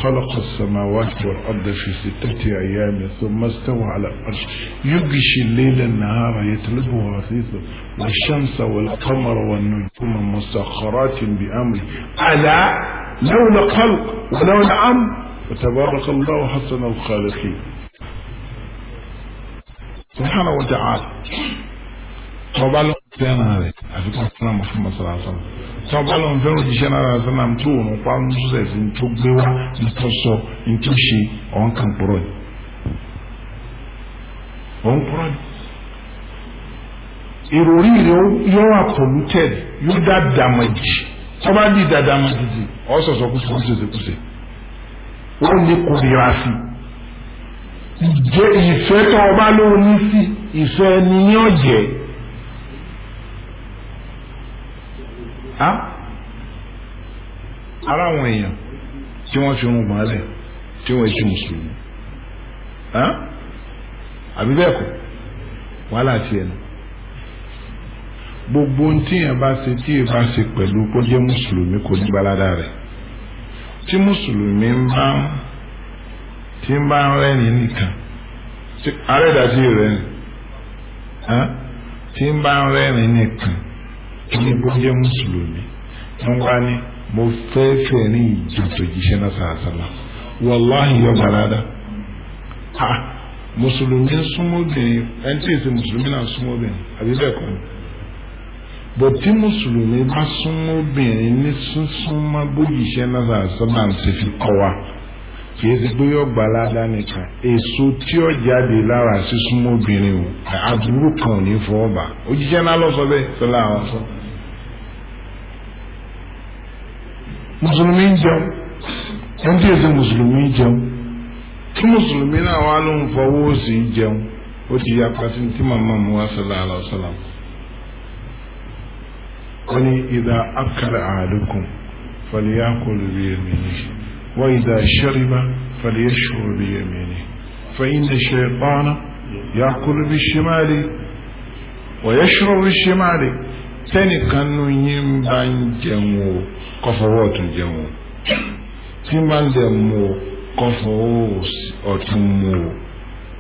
خلق السماوات والأرض في ستة أيام ثم استوى على الأرش يغشي الليل النهار يتلبه حثيثا والشمس والقمر والنجوم مسخرات بأمره ألا لولا خلق ولولا أمر وتبارك الله حسن الخالقين subhanahu wa ta'ala tọba ló ń fẹ́ràn rẹ̀ àfi kò fẹ́ràn mọ̀ fún masara sọ́nà tọba ló ń fẹ́ràn òjíṣẹ́ náà rẹ̀ sọ́nà tó òun pa ń sọ́sẹ̀ sí tó gbé wá tó sọ tó ṣe ọ̀hún kan kúrò ni ọ̀hún kúrò ni ìròrí rẹ̀ yóò wà polluted yóò dá dàmẹ́jì tọba di dàdàmẹ́jì ọ̀sọ̀sọ̀ kùsùkùsù kùsù ó ní kò rírà sí i ìfẹ́ tó ọba ló ní sí ìfẹ́ ni ní ọ̀jẹ̀ ara àwọn èèyàn tí wọ́n fi rún gbọ́nlẹ̀ tí wọ́n ṣe mùsùlùmí àbí bẹ́ẹ̀ kọ́ wàhálà tiẹ̀ nù gbogbo ohun tí yẹn bá ṣe tí yẹn bá ṣe pẹ̀lú kó jẹ́ mùsùlùmí kò ní gbalada rẹ̀ tí mùsùlùmí ń bá ń. tí ń bá ń rẹ́rìn nìkan arẹ́dàjì rẹ̀ tí ń bá ń rẹ́rìn nìkan ní bóyá mùsùlùmí ń wá ní mo fẹ́ fẹ́ ní ìjọ jíṣẹ́ náà sàásàlá wàláhì yọ bàrádà mùsùlùmí súnmọ́bìnrin ẹni tí èsì mùsùlùmí náà àbí bẹ́ẹ̀ kọ́ ni bọ̀ tí mùsùlùmí bá ní náà sàásàlá ń ṣe kìí ṣe pé yóò gbà ládàá nìkan èso tí ó jáde lára sísúnmọ́ obìnrin o àbúrò kan ò ní fọwọ́ bá òjíṣẹ́ náà lọ sọ bẹ́ẹ̀ sọlá àwọn sọ. mùsùlùmí ń jẹun ẹni tí èsì mùsùlùmí ń jẹun tí mùsùlùmí náà wà ló ń fọwọ́ ń jẹun ó ti ya pàṣẹ tí màmá mu wá sọlá wọ́n ní ìdá akara وإذا شرب فليشرب بيمينه فإن الشيطان يأكل بالشمال ويشرب بالشمال تنكن يمبان جمو قفوات جمو تمان جمو قفوات أتمو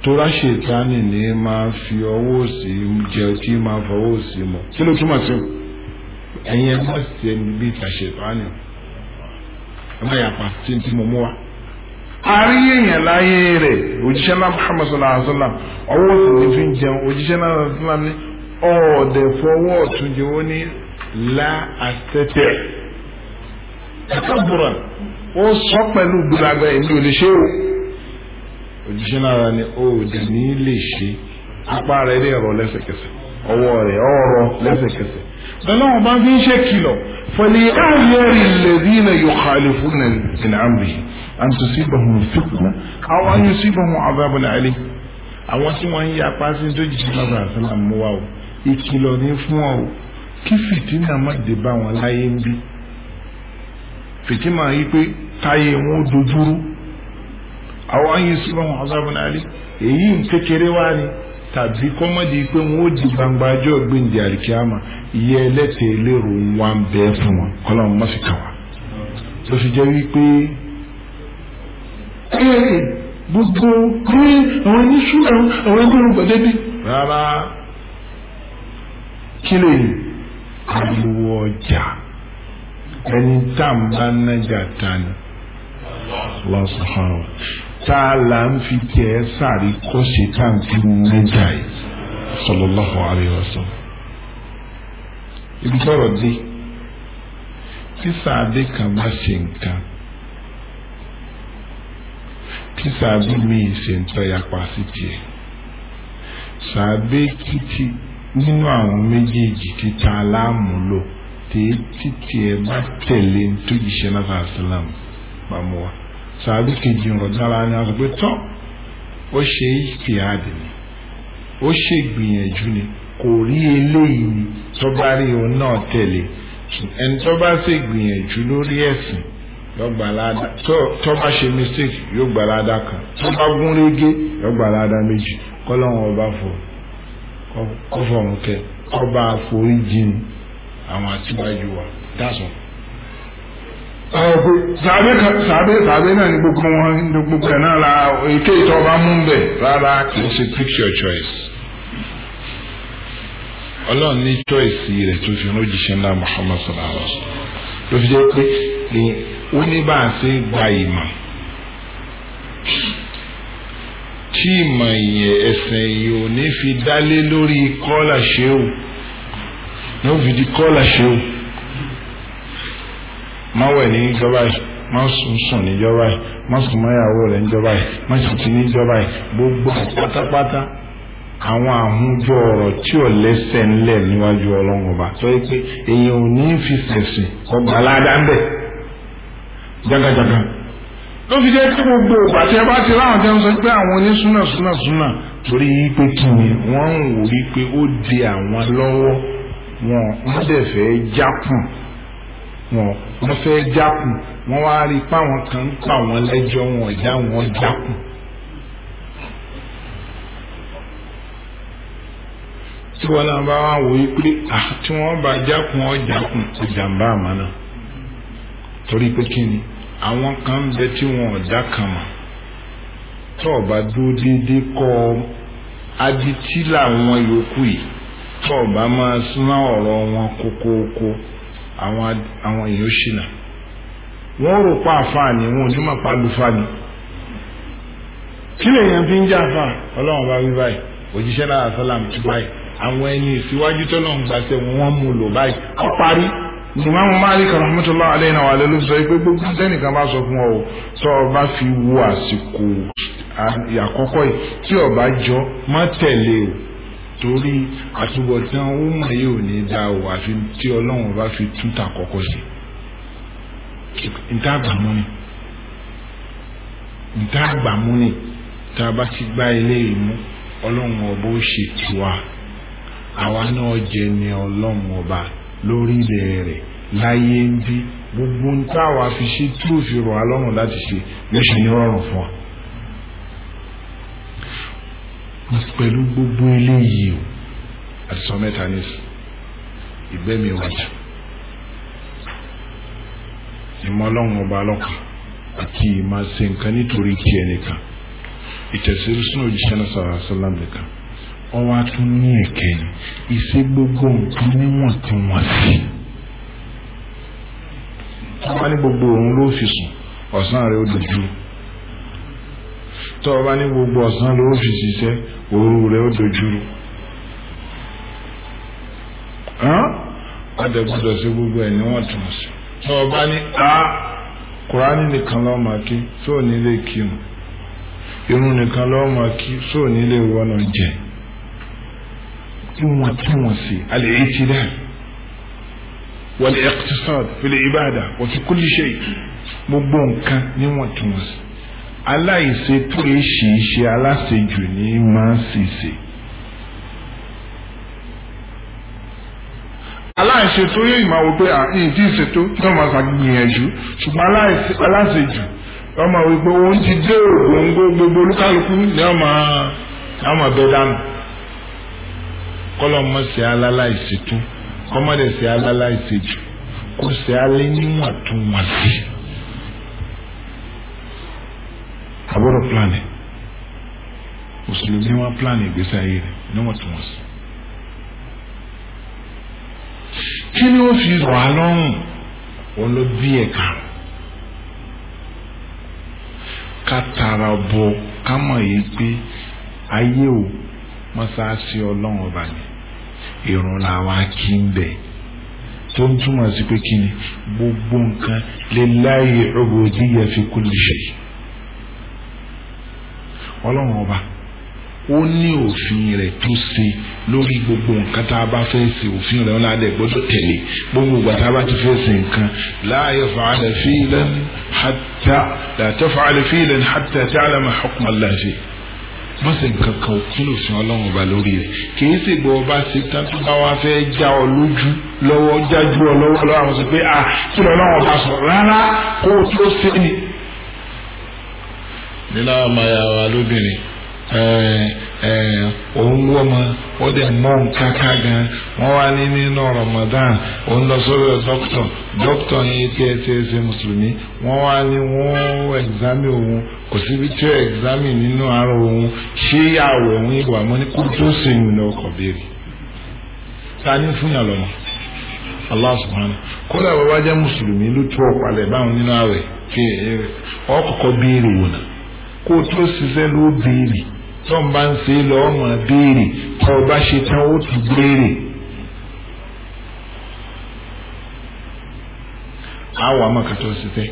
tora ṣètánì ní máa fi ọwọ́ òsì jẹ máa fọwọ́ kí ló túmọ̀ sí ẹ̀yin ẹ̀ ṣe ẹ má yàpa tí n ti mọ̀ mú wa. àárí èèyàn láyé rẹ̀ òjíṣẹ́ náà Muhammad sallallahu alayhi wa sallam ọwọ́ sì ní fi ń jẹun òjíṣẹ́ náà sallam ní ọ̀ọ́dẹ̀ fọwọ́ ọ̀tún jẹ́ wọ́n ní la àtẹ̀tẹ̀ ẹ̀ka bùrọ̀ ó sọ pẹ̀lú gbùdàgbà èmi ò lè o òjíṣẹ́ náà ni ó dẹ̀ ní lè ṣe apá rẹ̀ lè rọ lẹ́sẹ̀kẹsẹ̀ ọwọ́ rẹ̀ ọ̀rọ̀ lẹ́sẹ̀kẹsẹ̀ lọ́wọ́n bá fi ń ṣe kìlọ̀ fọlẹ́ ayẹ́rì lẹ́dínà yóò kàlẹ́ fún ìlànà an tó sí bàhùn fìkùnà àwọn ayé sí bàhùn àbábọ̀lá àlẹ́ àwọn tí wọ́n ń ya pàṣẹ tó jì sí bàbá àṣàlà mú wa o ìkìlọ̀ ní fún wa o kí fìtínà má dé bá wọn láyé ń bí fìtínà yìí pé táyé wọn ó dojúrú àwọn ayé sí bàhùn àbábọ̀lá àlẹ́ èyí ń tàbí kọ́ má di pé wọ́n ó di gbangba ajọ́ gbèǹdé àríkíámà iye ẹlẹ́tẹ̀ lérò wa ń bẹ fún wọn kọ́lọ́mù má fi kà wá. ló fi jẹ́ wípé gbogbo ní àwọn oníṣú àwọn ẹgbẹ́ òrùn gbàdé bí. rárá kí lè ariwo ọjà ẹni tá à ń bá nájà ta Allah subhanahu tá a là ń fi tẹ ẹ sáré kọ́ṣe tá à ń fi mẹ́ta yìí sallallahu alayhi wa sallam. ibi tọrọ dé tí sàádé kan bá ṣe nǹkan tí sàádé míì ṣe nǹkan yapa sí tiẹ̀ sàádé títí nínú àwọn méjèèjì títa aláàmúlò tèé títí ẹ bá tẹ̀lé ntójìṣẹ́ náà sàlám bá mú wa sàbí kejì rọ̀dára ni a sọ pé tọ́ ó ṣe ìpìyàdì ni ó ṣe ìgbìyànjú ni kò rí eléyìí ni tó bá rí òun náà tẹ̀lé ẹni tó bá ṣe ìgbìyànjú lórí ẹ̀sìn yóò gba aláda tó bá ṣe mistake yóò gba aláda kan tó bá gún régé yóò gba aláda méjì kọ́lọ́hún ọba fò kọ́fọ̀ọ́n kẹ ọba àforíjìn àwọn àtìwájú wa dáṣọ ọ̀pẹ sàbẹ̀ sàbẹ̀ sàbẹ̀ náà ni gbogbo wọn gbogbo ẹ̀ náà la èké ìtọ́ ọba mú bẹ̀ rárá kì í ṣe pick your choice ọlọ́run ní choice rẹ̀ tó fi rán òjíṣẹ́ ńlá Muhammad sallallahu alaihi wasallam ló fi jẹ́ pé ó ní bá a ṣe gba ìmọ̀ tí ìmọ̀ ìyẹn ẹsẹ̀ yìí ò ní fi dálé lórí kọ́là ṣéwù ní ó fi di kọ́là ṣéwù má wẹ̀ ní ìjọba yìí má sùn sùn níjọba yìí má sùn mọ́yàwó rẹ̀ níjọba yìí má sùn ti níjọba yìí gbogbo pátápátá àwọn àhúnjọ ọ̀rọ̀ tí ò lẹ́sẹ̀ ńlẹ̀ níwájú ọlọ́run ọba sọ pé èèyàn ò ní fi sẹ̀sìn ọgbà aládá ń bẹ̀ jagajaga ló fi jẹ́ pé gbogbo ògbà tí ẹ bá ti ráhùn tẹ́ sọ pé àwọn onísúnà súnà súnà torí pé kí ni wọ́n ń wò rí pé ó di àwọn lọ́wọ́ wọn wọ́n dẹ̀ fẹ́ jákùn wọn wọ́n fẹ́ jákùn wọ́n wá rí i pé àwọn kan ń pa wọ́n lẹ́jọ́ wọn ọ̀já wọn jákùn. tí wọ́n náà bá wá wòye pé tí wọ́n bá jákùn ọ̀jákùn ìjàmbá àmọ́ náà torí pé kí ni àwọn kan ń bẹ tí wọn ọ̀dá kan mọ̀ tó ọba dúró déédéé kọ́ adití làwọn yòókù yìí tó ọba máa súná ọ̀rọ̀ wọn kókóókó àwọn àwọn èèyàn ṣìnà wọ́n rò pa àfáà ni wọn ò ní mọ̀ pa àlùfà ni kí lèèyàn fi ń jẹ́ àfáà ọlọ́run bá wí báyìí òjíṣẹ́ náà sálàm ti báyìí àwọn ẹni ìsíwájú tó náà ń gbàṣẹ wọn wọ́n mú lò báyìí ọ parí ìmáàmù Malik rahmatullahi alayhi wa alayhi sọ pé gbogbo sẹ́nìkan bá sọ fún ọ tó o bá fi wo àsìkò àkọ́kọ́ yìí tí o jọ má tẹ̀lé o torí àtúbọ̀tán ó mọ̀ yìí ò ní dá o àfi tí ọlọ́run bá fi tún ta kọ́kọ́ sí nta gbàmú ni nta gbàmú ni tá a bá ti gbá ilé yìí mú ọlọ́run ọba ó ṣe tù wá àwa náà jẹ ní ọlọ́run ọba lórí ilẹ̀ rẹ̀ láyé ń bí gbogbo ń táwa fi ṣe tí ò rọ̀ á láti ṣe ló ní rọrùn fún wa pẹ̀lú gbogbo eléyìí o àti sọ mẹ́ta ní ìgbẹ́ mi wájà ìmọ̀ ọlọ́run ọba ọlọ́kan àti ìmọ̀ ṣe nǹkan nítorí kí ẹnìkan ìtẹ̀síwájú sínú òjíṣẹ́ náà sọ̀rọ̀ àṣọlám nìkan wọ́n wá tún ní ẹ̀kẹ́yìn ìṣe gbogbo nǹkan níwọ̀ntúnwọ̀nsì wọ́n wá ní gbogbo òun ló fi sùn ọ̀sán rẹ̀ ó dojú tó o bá ní gbogbo ọ̀sán ló fi ṣiṣẹ́ òru rẹ̀ ó dojúrú. ọ̀dẹ̀ sí gbogbo ẹ̀ níwọ̀n tún sí. tó o ní a kùránì nìkan lọ́ọ́ máa kí tó o nílé kírun irun nìkan lọ́ọ́ máa kí tó o nílé wọnà jẹ. ìwọ̀ntúnwọ̀nsì alẹ́ èyí ti dá. والاقتصاد في العبادة وفي كل شيء مبون كان نوع تونس aláìṣe tó lè ṣì í ṣe aláṣejù ní máa ṣìṣe. aláìṣe tó yẹ ìmọ̀ wípé àyìn tí ìṣe tó tó máa ṣàgbìyànjú ṣùgbọ́n aláṣejù wọ́n máa wípé wọ́n ti dé ògbóǹgbò gbogbo olúkálukú ní ọmọ ọmọ ọbẹ̀ dànù kọ́lọ́ mọ̀ sí aláìṣe tó kọ́mọ́dé sí aláìṣe jù kó alẹ́ níwọ̀n tó wọ̀n sí. plan ẹ̀ mùsùlùmí wọn plan ìgbésí ayé rẹ̀ níwọ̀ntúnwọ̀nsì. kí ni ó fi rọ̀ á lọ́rùn wọn ló bí ẹ̀ka ká tara bọ ká mọ̀ yìí pé ayé o mọ́sáàsì ọlọ́run ọba ni ìrun la wá kí bẹ̀ tó ń túmọ̀ sí pé kí ni gbogbo nǹkan lillahi ubudiyya fi kulli shay ọlọ́run ọba ó ní òfin rẹ̀ tó ṣe lórí gbogbo nǹkan tá a bá fẹ́ ṣe òfin rẹ̀ wọn láàdẹ gbọ́dọ̀ tẹ̀lé gbogbo ìgbà tá a bá ti fẹ́ ṣe nǹkan la yaf'ala fi'lan hatta la taf'al fi'lan hatta ta'lama hukm Allah fi wọ́n sì nǹkan kan òkú lòfin ọlọ́run ọba lórí rẹ̀ kì í sì gbọ́ ọba ṣe tán tó bá wá fẹ́ já ọ lójú lọ́wọ́ jájú ọ lọ́wọ́ nínú àwọn ọmọ yàrá wa lóbìnrin òun wọ́mọ ó dẹ̀ mọ́ nǹkan ká gan wọ́n wá ní nínú Ramadan òun lọ sọ́dọ̀ dókítà dókítà yẹn tí ẹ ti ṣe mùsùlùmí wọ́n wá ní wọ́n ẹ̀gzámì òun kò tí nínú ara òun ṣé òun ní kó tó ọkọ̀ béèrè ta ni fún kódà jẹ́ mùsùlùmí ló tó báwọn nínú ọkọ̀ béèrè wò náà. kó o tó ṣiṣẹ́ ló béèrè tó ń bá ń ṣe é lọ́ọ́ mọ̀ béèrè tó o bá ṣe tán ó tún béèrè. àwọn amákatọ́ sí fẹ́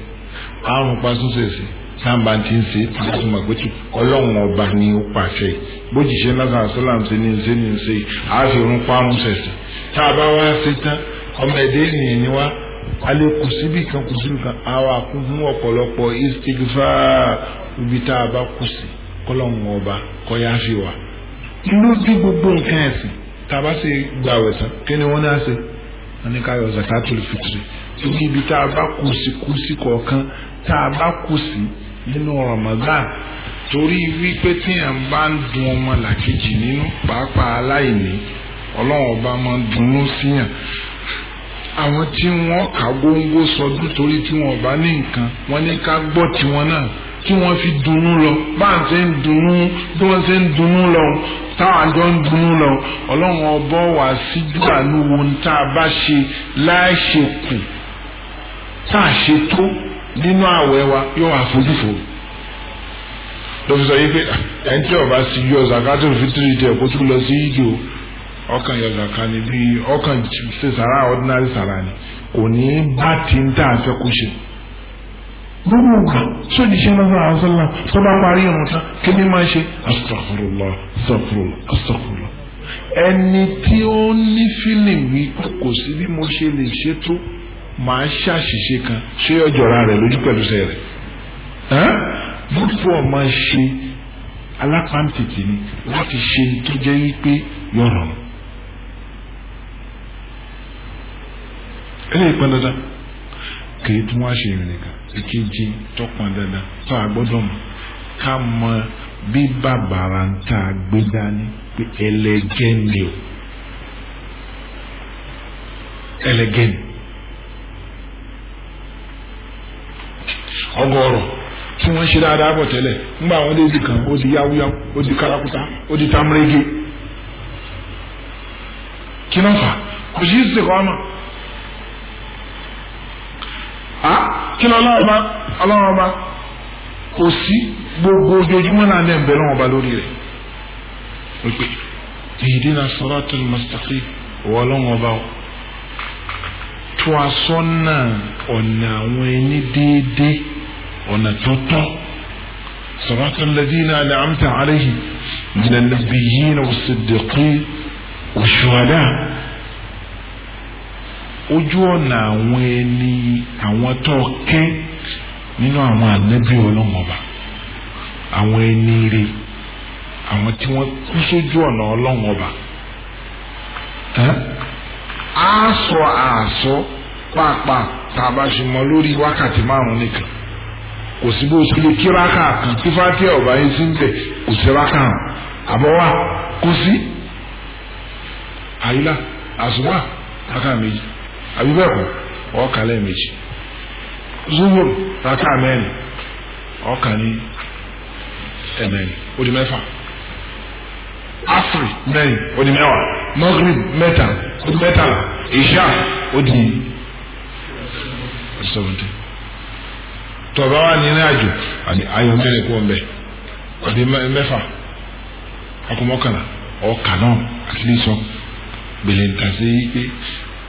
àrùn pasúnṣèṣì sáàmbá ti ń ṣe tuntun àgbẹ̀tù ọlọ́run ọba ni ó pàṣẹ bójìṣẹ́ lásán àṣọlám ṣe ní ṣe ní ṣe àáfi orun parun ṣẹ̀ṣẹ̀ tá a bá wá ṣe tán ọmọ ẹ̀dẹ́ ènìyàn ni wá alẹ́ kù síbi kan kù síbi kan àwa kún fún ọ̀pọ̀lọpọ̀ istigfa ibi tá a bá kù sí kọ́lọ́hún ọba kọ́yá fi wá inú bí gbogbo nǹkan ẹ̀sìn tá a bá ṣe gba àwẹ̀ tán kí ni wọ́n náà ṣe wọ́n ní ká yọ zakatul fitri torí ibi tá a bá kù sí kù sí kọ̀ọ̀kan tá a bá kù sí nínú Ramadan torí wípé tíyàn bá ń dun ọmọ làkejì nínú pàápàá aláìní ọlọ́run ọba máa ń dunnú síyàn àwọn tí wọ́n kà góńgó sọdún torí tí wọ́n bá ní nǹkan wọ́n ní ká gbọ́ tiwọn náà kí wọ́n fi dunnú lọ bá ń ṣe ń dunnú bí wọ́n ṣe ń dunnú lọ táwọn àjọ ń dunnú lọ ọlọ́run ọbọ̀ wá síjú àánú wo ní tá a bá ṣe láìṣekù tá a ṣe tó nínú àwẹ̀ wa yóò wá fojúfo lọ́fíìsọ yìí pé ah, ẹni tí ọba síjú ọ̀sán ká tó fi tìrì tẹ̀ kó tún lọ sí ìjò. ọkàn yọ̀zàkà ni bí ọkàn ṣe sàrà ordinary sara ni kò ní bá ti ń tà kó ṣe. gbogbo nǹkan sójúṣe lọ́sàn án sọ́nà tó bá parí irun tán kí ni máa ṣe ẹni tí ó ní fílìmù kò sí bí mo ṣe lè ṣe tó màá ṣàṣìṣe kan ṣé ọjọ́ra rẹ̀ lójú pẹ̀lú sẹ́ rẹ̀ bùtù ọmọ ṣe alápáǹtìtì ni láti ṣe tó jẹ́ wípé eléyìí pọn dandan kìí tún wá ṣe ìrìn nìkan ìkejì tó pọn dandan tó a gbọ́dọ̀ mọ̀ ká mọ bí bàbàrà ń gbé dání pé o ẹlẹgẹ́ ni ọgọ́rọ̀ tí ṣe dáadáa ńgbà àwọn kan ó di yáwúyáwú ó di kárakúta ó di tamrege kí a kí lọ ọlọ́ọ̀ba ọlọ́ọ̀ba kò sí gbogbo ojoojúmọ́ náà ní ẹ̀bẹ̀ lọ́wọ́ba lórí rẹ̀ wípé ihdina siratal mustaqim wọ́n lọ́wọ́ba o tó a sọ́nà ọ̀nà àwọn ẹni déédéé ọ̀nà tó tọ́ siratal ladina an'amta alayhim min an-nabiyyin was-siddiqin wash-shuhada ojú ọ̀nà àwọn ẹni àwọn tó kẹ́ nínú àwọn ànábì ọlọ́run ọba àwọn ẹni rè àwọn tí wọ́n kú sójú ọ̀nà ọlọ́run ọba àásọ àásọ pàápàá tá a bá ṣe mọ lórí wákàtí márùn nìkan kò sí bó ṣe lè kí rákà kan tí fátíà ọba yín sí ń bẹ kò sí rákà hàn àbọ̀ kò sí àyílá àsùnwà rákà méjì. àbí bẹ́ẹ̀ kọ́ ọ̀ọ́kà zuhur raka mẹ́rin ọ̀ọ́kà ní ẹ̀mẹ́rin ó di mẹ́fà asiri mẹ́rin ó magrib mẹ́ta ó di mẹ́tàlá isha ó di seventy wa nínú àjò àti ayọ̀ mẹ́rin kú ọ̀bẹ ó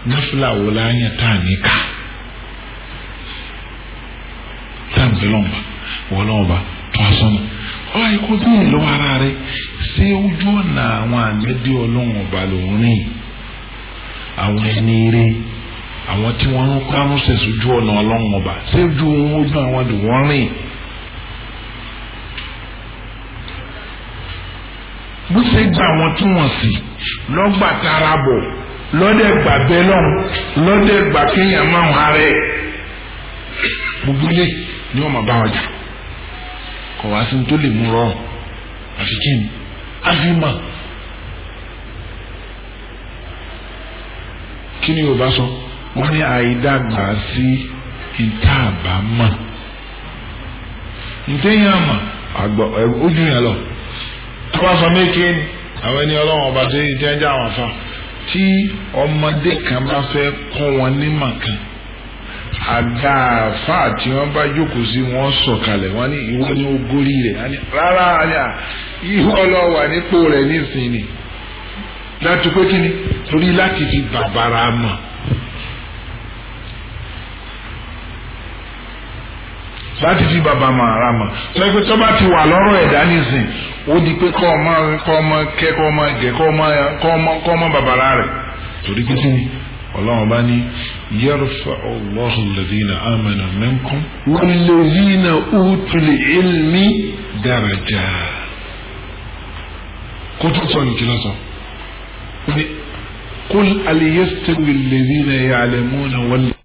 náfìlà wo la yàn tá a ní ká sáà ńlọmọba wọlọmọba tó a sọnà ọ àìkú bí ìlú ara rẹ ṣé ojú ọ̀nà àwọn àmẹ́dí ọlọ́run ọba lòún rìn àwọn ẹni rí àwọn tí wọ́n ń kánú ojú ọ̀nà ọlọ́run ọba ṣé ojú ohun ojú àwọn àdùnwọ́n bó ṣe gba àwọn tí wọ́n sì lọ́gbà tara bọ̀. lọ́dẹ̀ gbà bẹ́ẹ̀ lọ́n lọ́dẹ̀ gbà kéèyàn máa ń gbogbo ilé ni wọ́n máa bá wọn jù kọ̀ wá sí tó lè mú rọrùn àfi kí ni àfi mà kí ni Yorùbá sọ wọ́n ní àìdàgbà sí ìta àbámà ntẹ́yìn àmà àgbà ni àwọn ẹni ọlọ́wọ́n ọba tó yìí tẹ́ tí ọmọdé kan bá fẹ́ kọ́ wọn nímọ̀ kan àgbà àfáà tí wọ́n bá jókòó sí wọ́n sọ̀kalẹ̀ wọ́n ní ìwọ ni ó gorí rẹ̀ rárá àyà ìwọ lọ wà nípò rẹ̀ nísìnyí látúpẹ́ kí ni torí láti fi bàbára mọ̀. láti fi bàbá mọ ara mọ lẹ́gbẹ́ tó bá ti wà lọ́rọ̀ ẹ̀dá nìsín ó di pé kọ́ ọmọ kọ́ ọmọ kẹ́ kọ́ ọmọ gẹ̀ kọ́ ọmọ kọ́ ọmọ kọ́ ọmọ bàbára rẹ̀ torí pé sí ọlọ́run bá ní yẹ́rùfà Allahu alladhina amanu minkum walladhina utul ilmi daraja kó tó sọ nìkí lọ́sọ̀ ó ní kul al yastawi alladhina ya'lamuna wal.